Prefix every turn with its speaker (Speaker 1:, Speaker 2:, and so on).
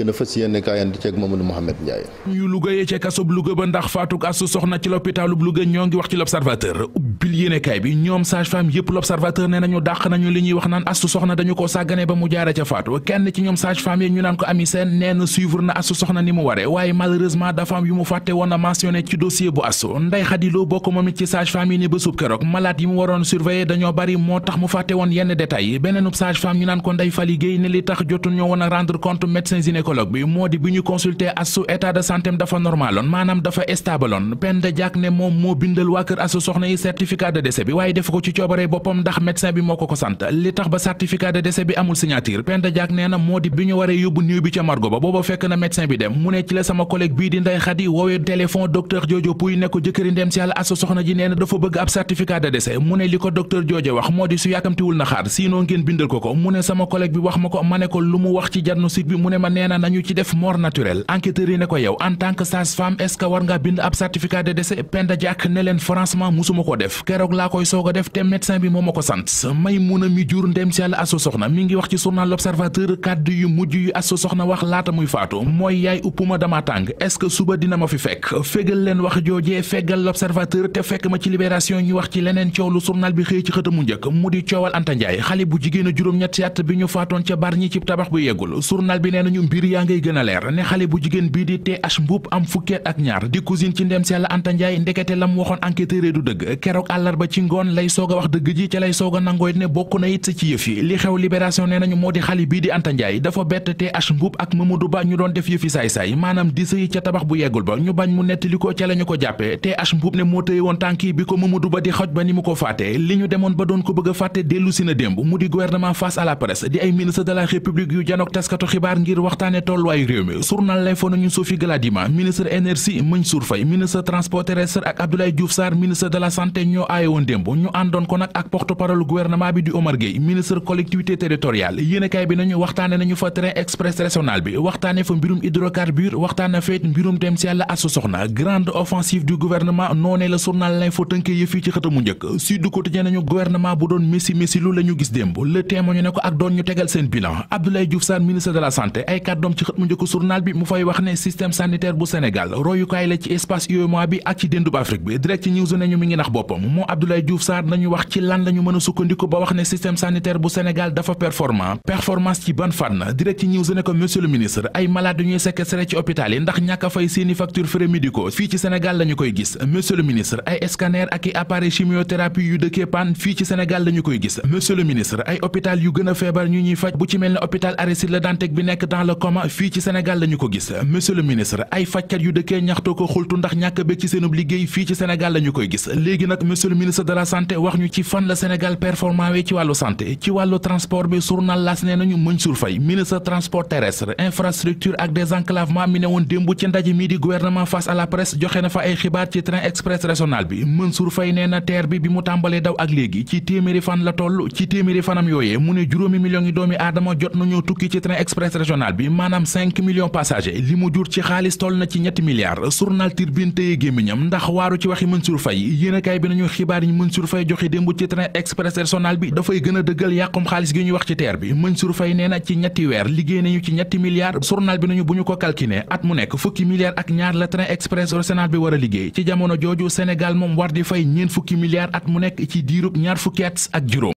Speaker 1: gën a fës yéene kaayante ceeg ni mu waree malheureusement dafa yu mu fàtte woon a ci dossier bu asu nday xadiloo bokk moom it ci sage femme yi ni ba keroog malade yi mu waroon surveiller dañoo bari moo tax mu fàtte woon yenn détails beneenub sage femme ñu naan li tax jotu woon a rendre compte médecin gynécologue bi booba fekk na médecin bi dem mu ne ci la sama collègue bii di Ndeye Khady woowee téléphone docteur Jojo Pouy ne ko jëkkëri ndem si yàlla asu soxna ji nee dafa bëgg ab certificat de décès mu ne li ko docteur Jojo wax moo di su yàkkamtiwul na xaar sinon ngeen bindal ko ko mu ne sama collègue bi wax ma ko ma ne ko lu mu wax ci diagnostic bi mu ne ma nee na nañu ci def mort naturelle enquêteurs yi ne ko yow en tant que femme est war nga bind ab certificat de décès Penda Diack ne leen musuma ko def keroog laa koy soog def te médecin bi moo ko sant Maymuna mi jur ndem si yàlla ngi wax ci journal L'Observateur kàddu yu mujj yu asu wax laata muy faatu mooy yaay uppuma dama tàng est suba dina ma fi fekk fégal wax joojee feggal L'Observateur te fekk ma ci Libération ñu wax ci leneen yaa ngay gën a leer ne xale bu jigéen bii di TH Mboup am fukkeet ak ñaar di cousine ci ndem Sella Anta Ndiaye ndekete lam waxoon enquêteur du dëgg keroog àllarba ci ngoon lay soog a wax dëgg ji ca lay soog a ne bokk na it ci yëf yi li xew libération nee nañu moo di xale bii di Anta dafa bett TH Mboup ak Mamadou Ba ñu doon def yëfi saay-saay maanaam di sëy ca tabax bu yeggul ba ñu bañ mu nettali ca la ko jàppee TH Mboup ne a ne tolluwaayu réew mi journal lay fo nañu Sophie Gladima ministre énergie Mansour Faye ministre de la santé ñoo aayowoon démb ñu àndoon ko nag ak porte-parole gouvernement bi di Omar ministre collectivité territoriale yéenekaay bi nañu waxtaane nañu fa train express régional bi waxtaane fa mbirum hydrocarbure waxtaane fa mbirum dem si yàlla asu grande offensive du gouvernement noonee la journal lay fo tënke ci xëtamu njëkk Sud Quotidien kàddoom ci xët mu njëkk bi mu fay wax ne système sanitaire bu Sénégal royukaay la ci espace UEMOA bi ak ci déndub Afrique bi direct ci news nañu mi ngi nax boppam moo Abdoulaye Diouf Sarr nañu wax ci lan lañu mën a sukkandiku ba wax ne système sanitaire bu Sénégal dafa performant performance ci ban fànn direct ci news ne ko monsieur le ministre ay malade ñuy séquestré ci hôpital yi ndax ñàkk fay seeni facture frais fii ci Sénégal lañu koy comme fii ci Sénégal lañu ko gis monsieur le ministre ay fajkat yu dëkkee ñaxtoo ko xultu ndax ñàkk bég ci seenub liggéey fii ci Sénégal lañu koy gis léegi nag monsieur le ministre de la santé wax ñu ci fan la Sénégal performant wee ci wàllu santé ci wàllu transport bi journal las nee nañu Mansour Faye ministre transport terrestre infrastructure ak désenclavement mi ne woon démb ci ndaje mii di gouvernement face à la presse joxe na fa ay xibaar ci train express régional maanaam cinq millions passagers li mu jur ci xaalis toll na ci ñetti milliards journal Tribune téye gémmiñam ndax waaru ci waxi Mansour Faye yéenekaay bi nañu xibaar yi Mansour Faye joxe démb ci train express régional bi dafay gën a dëggal yàqum xaalis gi ñuy wax ci TER bi Mansour Faye nee na ci ñetti weer liggéey nañu ci ñetti milliards journal bi nañu bu ñu ko calculé at mu nekk fukki milliards ak ñaar la train express régional bi war a liggéey ci jamono jooju Sénégal moom war di fay ñeent fukki milliards at mu ci diirub ñaar fukki ak juróom